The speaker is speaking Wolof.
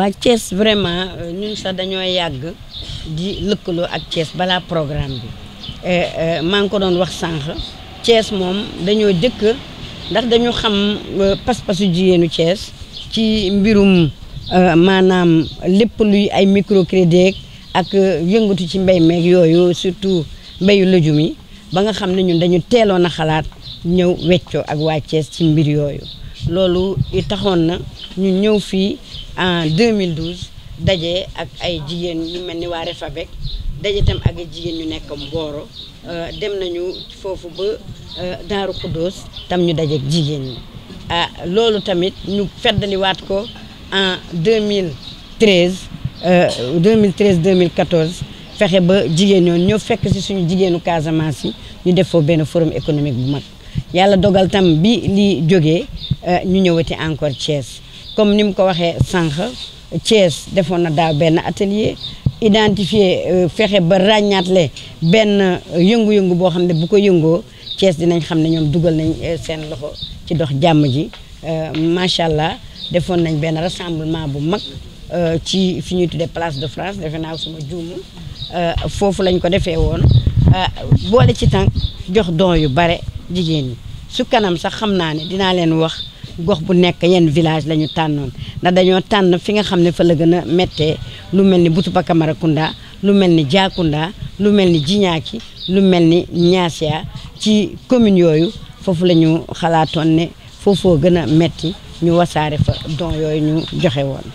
waa Thiès vraiment euh, ñun sax dañoo yàgg di lëkkaloo ak Thiès balaa programme bi euh, euh, maa ngi ko doon wax sànq Thiès moom dañoo jëkk ndax dañu xam pas-pasu jigéenu cees ci mbirum maanaam lépp luy ay microcrédit ak yëngatu ci mbay meeg yooyu surtout mbayu lëjum yi ba nga xam ne ñun dañu teeloon a xalaat ñëw weccoo ak waa Thiès ci mbir yooyu loolu taxoon na ñu ñëw fii en 2012 daje ak ay jigéen yu mel ni waa Refabek daje tam ak jigéen ñu nekk Mboro euh, dem nañu foofu ba euh, Daaru Xuddoos tam ñu daje ak jigéen ñi ah loolu tamit ñu feddaliwaat ko en 2013 2013 2014 fexe ba jigéen ñoon ñoo fekk si suñu jigéenu Casamance yi ñu def foo benn forum économique bu mag yàlla dogal tam bi li jóge euh, ñu ñëwati encore Thiès. comme ni mu ko waxee sànq Thiès defoon na daaw benn atelier identifier euh, fexe ba ràññaatle benn yëngu-yëngu boo xam ne bu ko yëngoo Thiès dinañ xam ne ñoom dugal nañ euh, seen loxo ci dox jàmm ji euh, macha allah defoon nañ benn rassemblement bu mag ci fi ñuy tuddee place de France defe naa suma juumu foofu lañ ko defee woon boole ci tànk jox don yu bare jigéen ñi su kanam sax xam naa ni dinaa leen wax. gox bu nekk yenn village la tànnoon ndax dañoo tànn fi nga xam ne fa la gën a méttee lu mel ni Butuba Kamarakounda lu mel ni Diakounda lu mel ni Djinaki lu mel ni Niassia ci commune yooyu foofu la ñu xalaatoon ne foofoo gën a metti ñu wasaare fa don yooyu ñu joxe woon